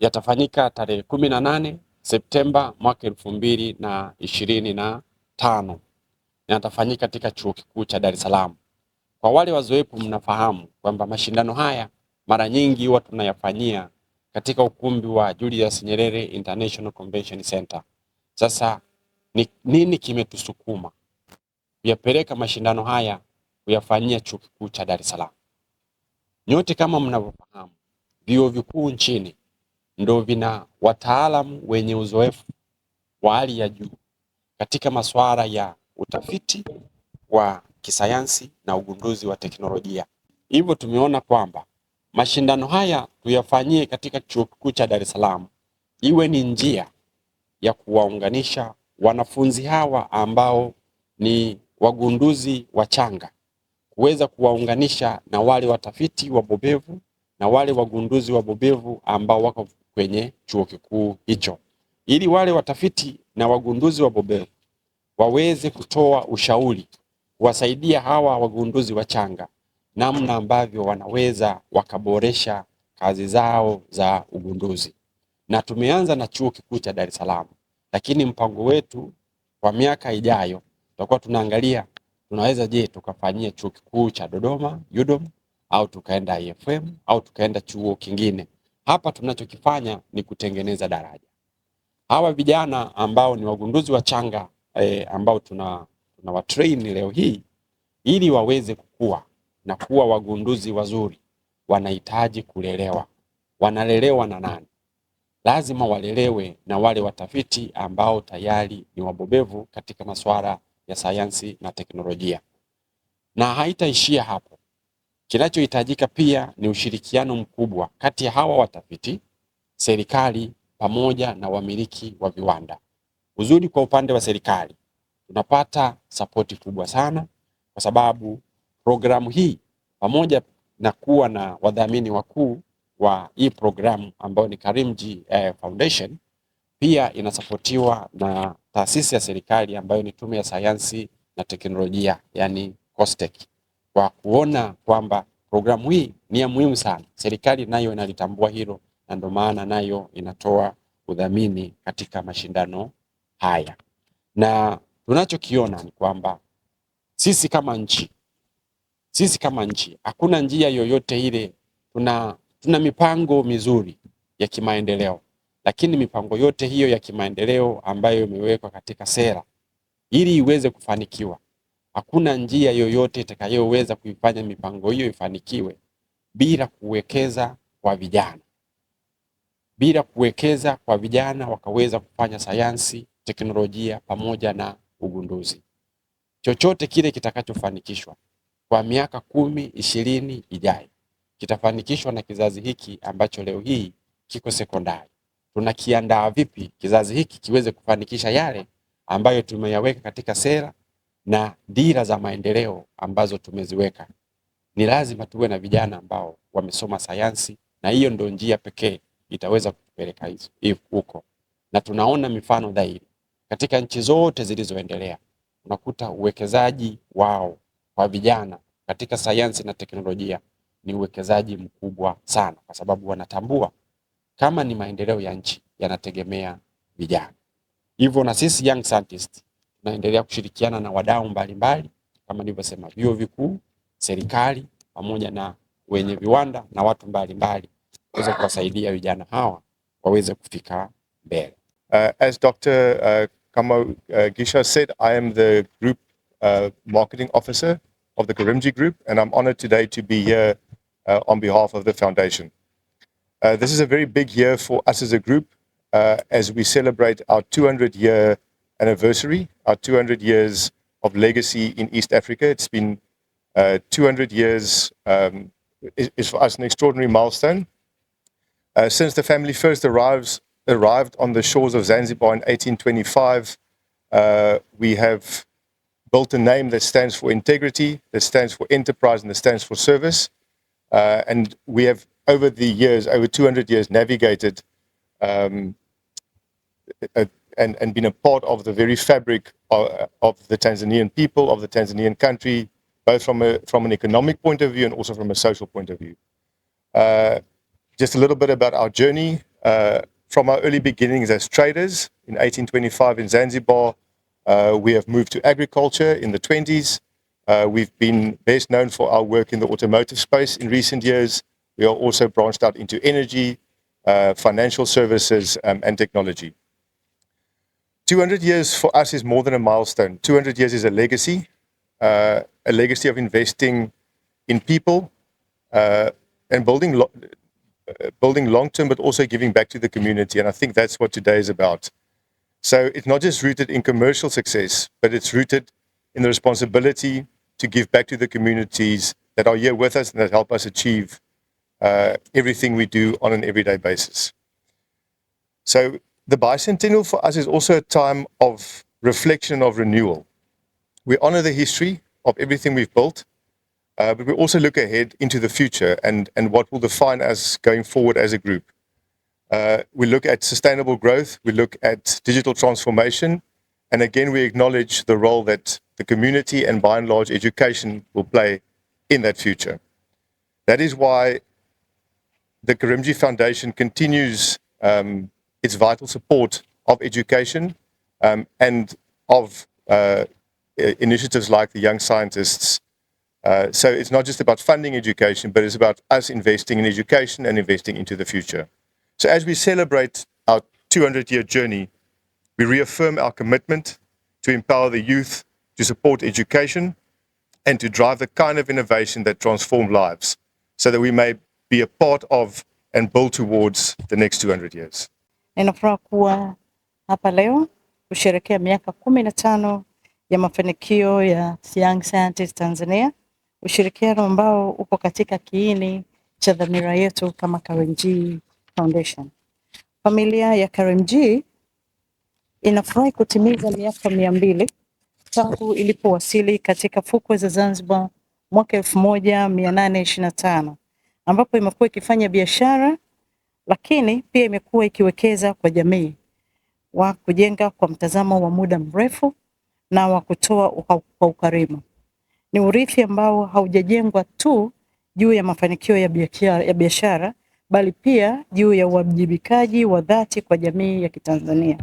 yatafanyika tarehe kumi na nane Septemba mwaka elfu mbili na ishirini na tano na yatafanyika katika chuo kikuu cha Dar es Salaam. Kwa wale wazoefu, mnafahamu kwamba mashindano haya mara nyingi huwa tunayafanyia katika ukumbi wa Julius Nyerere International Convention Center. Sasa ni, nini kimetusukuma kuyapeleka mashindano haya kuyafanyia chuo kikuu cha Dar es Salaam? Nyote kama mnavyofahamu vyuo vikuu nchini ndo vina wataalamu wenye uzoefu wa hali ya juu katika masuala ya utafiti wa kisayansi na ugunduzi wa teknolojia. Hivyo tumeona kwamba mashindano haya tuyafanyie katika Chuo Kikuu cha Dar es Salaam iwe ni njia ya kuwaunganisha wanafunzi hawa ambao ni wagunduzi wa changa kuweza kuwaunganisha na wale watafiti wabobevu na wale wagunduzi wabobevu ambao wako kwenye chuo kikuu hicho, ili wale watafiti na wagunduzi wabobevu waweze kutoa ushauri, kuwasaidia hawa wagunduzi wachanga namna ambavyo wanaweza wakaboresha kazi zao za ugunduzi. Na tumeanza na chuo kikuu cha Dar es Salaam, lakini mpango wetu kwa miaka ijayo tutakuwa tunaangalia tunaweza je, tukafanyia chuo kikuu cha Dodoma UDOM, au tukaenda IFM au tukaenda chuo kingine. Hapa tunachokifanya ni kutengeneza daraja. Hawa vijana ambao ni wagunduzi changa e, ambao tuna, tuna watrain leo hii ili waweze kukua na kuwa wagunduzi wazuri, wanahitaji kulelewa. Wanalelewa na nani? Lazima walelewe na wale watafiti ambao tayari ni wabobevu katika masuala ya sayansi na teknolojia, na haitaishia hapo. Kinachohitajika pia ni ushirikiano mkubwa kati ya hawa watafiti, serikali pamoja na wamiliki wa viwanda. Uzuri kwa upande wa serikali tunapata sapoti kubwa sana, kwa sababu programu hii pamoja na kuwa na wadhamini wakuu wa hii programu ambayo ni Karimjee eh, Foundation pia inasapotiwa na taasisi ya serikali ambayo ni Tume ya Sayansi na Teknolojia, yani COSTECH kwa kuona kwamba programu hii ni ya muhimu sana. Serikali nayo inalitambua hilo na ndio maana nayo inatoa udhamini katika mashindano haya, na tunachokiona ni kwamba sisi kama nchi sisi kama nchi hakuna njia yoyote ile. Tuna, tuna mipango mizuri ya kimaendeleo, lakini mipango yote hiyo ya kimaendeleo ambayo imewekwa katika sera ili iweze kufanikiwa Hakuna njia yoyote itakayoweza kuifanya mipango hiyo ifanikiwe bila kuwekeza kwa vijana, bila kuwekeza kwa vijana wakaweza kufanya sayansi, teknolojia pamoja na ugunduzi. Chochote kile kitakachofanikishwa kwa miaka kumi ishirini ijayo kitafanikishwa na kizazi hiki ambacho leo hii kiko sekondari. Tunakiandaa vipi kizazi hiki kiweze kufanikisha yale ambayo tumeyaweka katika sera na dira za maendeleo ambazo tumeziweka, ni lazima tuwe na vijana ambao wamesoma sayansi, na hiyo ndio njia pekee itaweza kutupeleka huko, na tunaona mifano dhahiri katika nchi zote zilizoendelea. Unakuta uwekezaji wao kwa vijana katika sayansi na teknolojia ni uwekezaji mkubwa sana, kwa sababu wanatambua kama ni maendeleo ya nchi yanategemea vijana. Hivyo na sisi Young scientists tunaendelea kushirikiana na wadau mbalimbali kama nilivyosema, vyuo vikuu, serikali pamoja na wenye viwanda na watu mbalimbali kuweza kuwasaidia vijana hawa waweze kufika mbele. Uh, as Dr. uh, Kamau uh, Gisha said, I am the group uh, marketing officer of the Karimji Group and I'm honored today to be here uh, on behalf of the foundation. Uh, this is a very big year for us as a group uh, as we celebrate our 200 year anniversary, our 200 years of legacy in East Africa. It's been uh, 200 years um, is, is, for us an extraordinary milestone. Uh, since the family first arrives, arrived on the shores of Zanzibar in 1825, uh, we have built a name that stands for integrity, that stands for enterprise, and that stands for service. Uh, and we have, over the years, over 200 years, navigated um, a, and, and been a part of the very fabric of, uh, of the Tanzanian people, of the Tanzanian country, both from, a, from an economic point of view and also from a social point of view. Uh, just a little bit about our journey. Uh, from our early beginnings as traders in 1825 in Zanzibar, uh, we have moved to agriculture in the 20s. Uh, we've been best known for our work in the automotive space in recent years. We are also branched out into energy, uh, financial services, um, and technology. 200 years for us is more than a milestone. 200 years is a legacy, uh, a legacy of investing in people uh, and building lo- uh, building long term, but also giving back to the community. And I think that's what today is about. So it's not just rooted in commercial success, but it's rooted in the responsibility to give back to the communities that are here with us and that help us achieve uh, everything we do on an everyday basis. So the bicentennial for us is also a time of reflection, of renewal. We honor the history of everything we've built, uh, but we also look ahead into the future and, and what will define us going forward as a group. Uh, we look at sustainable growth, we look at digital transformation, and again, we acknowledge the role that the community and by and large education will play in that future. That is why the Karimji Foundation continues um, its vital support of education um, and of uh, initiatives like the Young Scientists. Uh, so it's not just about funding education, but it's about us investing in education and investing into the future. So as we celebrate our 200 year journey, we reaffirm our commitment to empower the youth to support education and to drive the kind of innovation that transforms lives so that we may be a part of and build towards the next 200 years. ninafuraha kuwa hapa leo kusherekea miaka kumi na tano ya mafanikio ya Young Scientist Tanzania, ushirikiano ambao uko katika kiini cha dhamira yetu kama KarenG Foundation. Familia ya KarenG inafurahi kutimiza miaka mia mbili tangu ilipowasili katika fukwe za Zanzibar mwaka elfu moja mia nane ishirini na tano ambapo imekuwa ikifanya biashara lakini pia imekuwa ikiwekeza kwa jamii wa kujenga kwa mtazamo wa muda mrefu na wa kutoa kwa ukarimu. Ni urithi ambao haujajengwa tu juu ya mafanikio ya biashara, bali pia juu ya uwajibikaji wa dhati kwa jamii ya Kitanzania.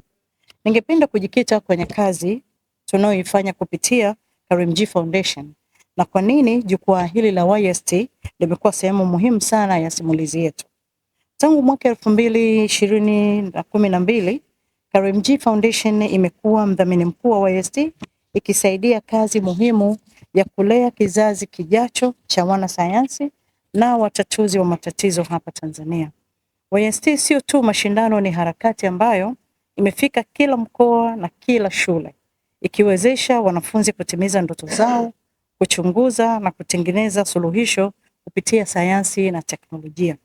Ningependa kujikita kwenye kazi tunayoifanya kupitia Karimjee Foundation na kwa nini jukwaa hili la YST limekuwa sehemu muhimu sana ya simulizi yetu. Tangu mwaka elfu mbili ishirini na kumi na mbili KRMG Foundation imekuwa mdhamini mkuu wa YST ikisaidia kazi muhimu ya kulea kizazi kijacho cha wanasayansi na watatuzi wa matatizo hapa Tanzania. YST sio tu mashindano, ni harakati ambayo imefika kila mkoa na kila shule ikiwezesha wanafunzi kutimiza ndoto zao, kuchunguza na kutengeneza suluhisho kupitia sayansi na teknolojia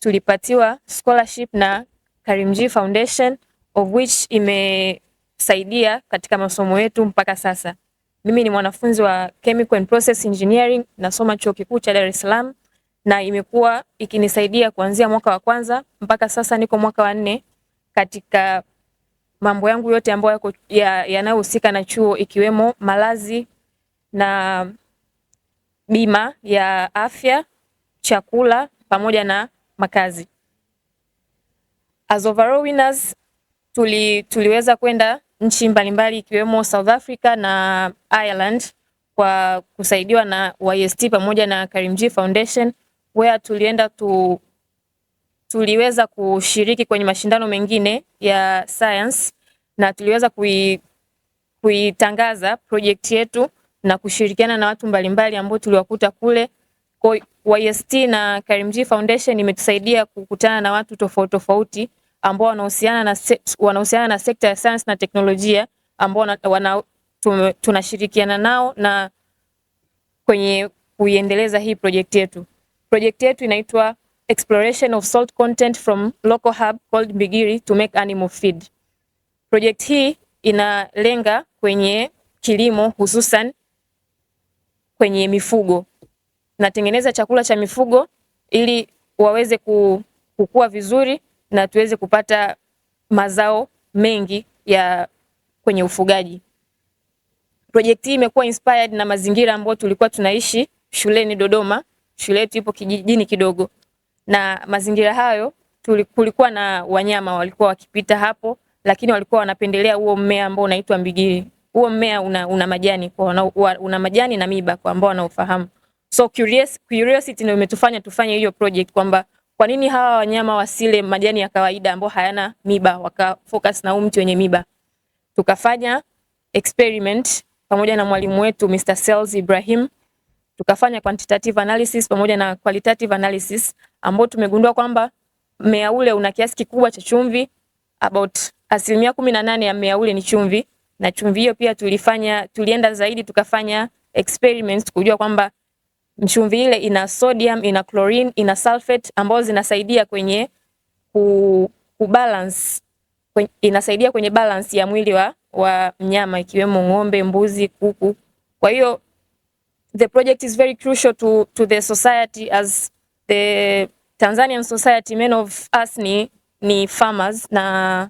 tulipatiwa scholarship na Karimjee Foundation of which imesaidia katika masomo yetu mpaka sasa. Mimi ni mwanafunzi wa Chemical and Process Engineering, nasoma chuo kikuu cha Dar es Salaam na imekuwa ikinisaidia kuanzia mwaka wa kwanza mpaka sasa niko mwaka wa nne katika mambo yangu yote ambayo yanayohusika ya na chuo ikiwemo malazi na bima ya afya, chakula pamoja na makazi. As overall winners tuli, tuliweza kwenda nchi mbalimbali ikiwemo South Africa na Ireland kwa kusaidiwa na YST pamoja na Karimjee Foundation where tulienda tu, tuliweza kushiriki kwenye mashindano mengine ya science na tuliweza kui, kuitangaza project yetu na kushirikiana na watu mbalimbali ambao tuliwakuta kule. YST na Karimjee Foundation imetusaidia kukutana na watu tofauti tofauti ambao wanahusiana na, wanahusiana na sekta ya science na teknolojia ambao tunashirikiana nao na kwenye kuiendeleza hii project yetu. Project yetu inaitwa Exploration of Salt Content from Local Hub called Mbigiri to make animal feed. Project hii inalenga kwenye kilimo hususan kwenye mifugo natengeneza chakula cha mifugo ili waweze kukua vizuri na tuweze kupata mazao mengi ya kwenye ufugaji. Projekti hii imekuwa inspired na mazingira ambayo tulikuwa tunaishi shuleni Dodoma. Shule yetu ipo kijijini kidogo, na mazingira hayo kulikuwa na wanyama walikuwa wakipita hapo, lakini walikuwa wanapendelea huo mmea ambao unaitwa mbigiri. Huo mmea una, una majani kwa una, una majani na miba kwa ambao wanaofahamu. So curious, curiosity ndio imetufanya tufanye hiyo project kwamba kwa nini hawa wanyama wasile majani ya kawaida ambao hayana miba, waka focus na huu mti wenye miba. Tukafanya experiment pamoja na mwalimu wetu Mr. Sales Ibrahim, tukafanya quantitative analysis pamoja na qualitative analysis ambao tumegundua kwamba mmea ule una kiasi kikubwa cha chumvi, about asilimia kumi na nane ya mmea ule ni chumvi, na chumvi hiyo pia tulifanya, tulienda zaidi tukafanya experiments kujua kwamba Chumvi ile ina sodium, ina chlorine, ina sulfate ambazo zinasaidia kwenye ku, ku balance kwenye, inasaidia kwenye balance ya mwili wa, wa mnyama ikiwemo ng'ombe, mbuzi, kuku. Kwa hiyo the project is very crucial to, to the society as the Tanzanian society many of us ni, ni farmers na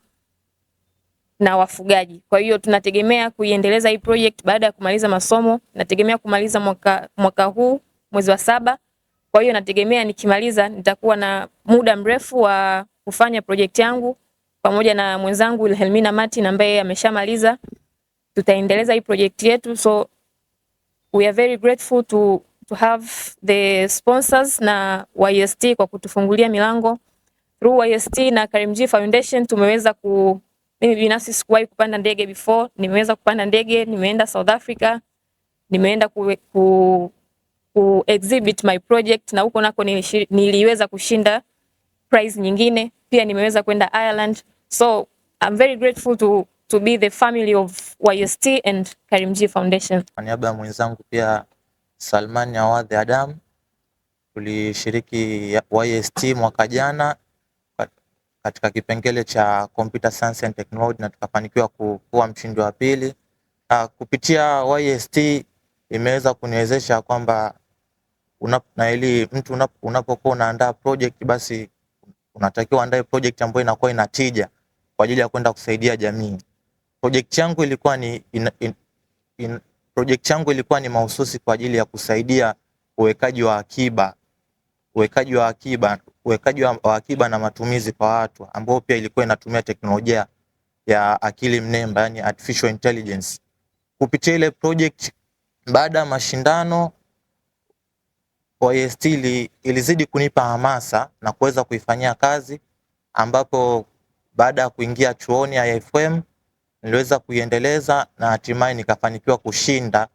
na wafugaji. Kwa hiyo tunategemea kuiendeleza hii project baada ya kumaliza masomo, nategemea kumaliza mwaka, mwaka huu mwezi wa saba. Kwa hiyo nategemea nikimaliza nitakuwa na muda mrefu wa kufanya project yangu pamoja na mwenzangu Helmina Martin ambaye ameshamaliza, tutaendeleza hii project yetu. So we are very grateful to, to have the sponsors na YST kwa kutufungulia milango through YST na Karimjee Foundation tumeweza ku mimi binafsi sikuwahi kupanda ndege before, nimeweza kupanda ndege, nimeenda South Africa, nimeenda ku, ku ku exhibit my project na huko nako niliweza kushinda prize nyingine, pia nimeweza kwenda Ireland. So I'm very grateful to to be the family of YST and Karimjee Foundation. Kwa niaba ya mwenzangu pia Salman Awadhi Adam tulishiriki YST mwaka jana katika kipengele cha computer science and technology na tukafanikiwa kuwa mshindi wa pili. Uh, kupitia YST imeweza kuniwezesha kwamba unap, na ili mtu unapokuwa unaandaa project basi unatakiwa uandae project ambayo inakuwa ina tija kwa ajili ya kwenda kusaidia jamii. Project yangu ilikuwa ni in, in, in, project yangu ilikuwa ni mahususi kwa ajili ya kusaidia uwekaji wa akiba uwekaji wa akiba uwekaji wa akiba na matumizi kwa watu ambao pia ilikuwa inatumia teknolojia ya akili mnemba, yani artificial intelligence. Kupitia ile project, baada ya mashindano kwa hiyo stili ilizidi kunipa hamasa na kuweza kuifanyia kazi, ambapo baada ya kuingia chuoni ya IFM niliweza kuiendeleza na hatimaye nikafanikiwa kushinda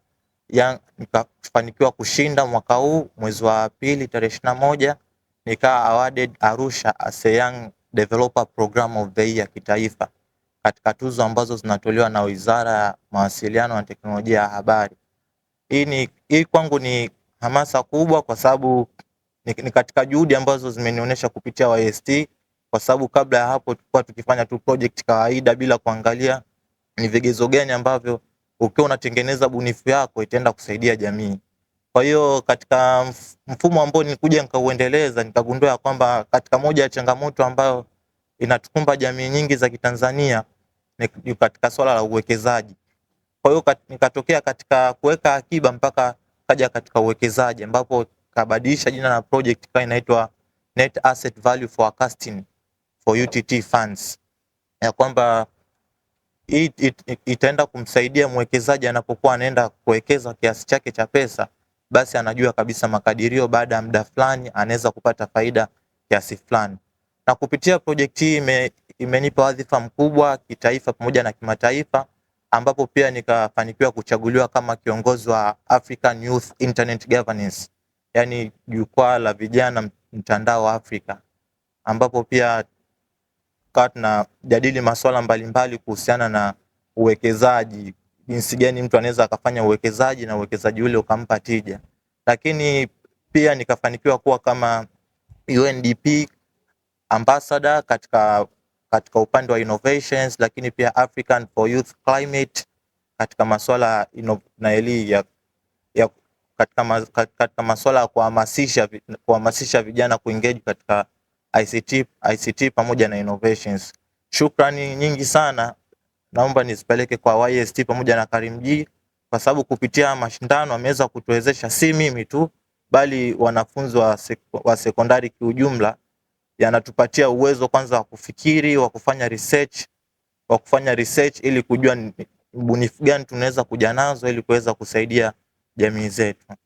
ya, nikafanikiwa kushinda mwaka huu mwezi wa pili tarehe ishirini na moja nikawa awarded Arusha as a Young Developer Program of the Year kitaifa katika tuzo ambazo zinatolewa na Wizara ya Mawasiliano na Teknolojia ya Habari. Hii, ni, hii kwangu ni hamasa kubwa, kwa sababu ni, ni katika juhudi ambazo zimenionyesha kupitia YST, kwa sababu kabla ya hapo tulikuwa tukifanya tu project kawaida bila kuangalia ni vigezo gani ambavyo ukiwa unatengeneza bunifu yako itaenda kusaidia jamii. Kwa hiyo katika mfumo ambao nilikuja nikauendeleza, nikagundua kwamba katika moja ya changamoto ambayo inatukumba jamii nyingi za Kitanzania ni katika swala la uwekezaji. Kwa hiyo kat, nikatokea katika kuweka akiba mpaka kaja katika uwekezaji ambapo kabadilisha jina la project kwa inaitwa Net Asset Value Forecasting for UTT Funds, ya kwamba it, it, it, itaenda kumsaidia mwekezaji anapokuwa anaenda kuwekeza kiasi chake cha pesa, basi anajua kabisa makadirio, baada ya muda fulani anaweza kupata faida kiasi fulani. Na kupitia project hii imenipa wadhifa mkubwa kitaifa pamoja na kimataifa ambapo pia nikafanikiwa kuchaguliwa kama kiongozi wa African Youth Internet Governance, yani jukwaa la vijana mtandao wa Afrika, ambapo pia tukawa tunajadili masuala mbalimbali kuhusiana na uwekezaji, jinsi gani mtu anaweza akafanya uwekezaji na uwekezaji ule ukampa tija. Lakini pia nikafanikiwa kuwa kama UNDP ambassador katika katika upande wa innovations, lakini pia African for Youth Climate katika masuala na eli ya, ya katika, katika masuala ya kuhamasisha kuhamasisha vijana kuengage katika ICT, ICT pamoja na innovations. Shukrani nyingi sana naomba nizipeleke kwa YST pamoja na Karimjee kwa sababu kupitia mashindano ameweza kutuwezesha si mimi tu bali wanafunzi wa, sek wa sekondari kiujumla yanatupatia uwezo kwanza wa kufikiri, wa kufanya research, wa kufanya research ili kujua bunifu gani tunaweza kuja nazo ili kuweza kusaidia jamii zetu.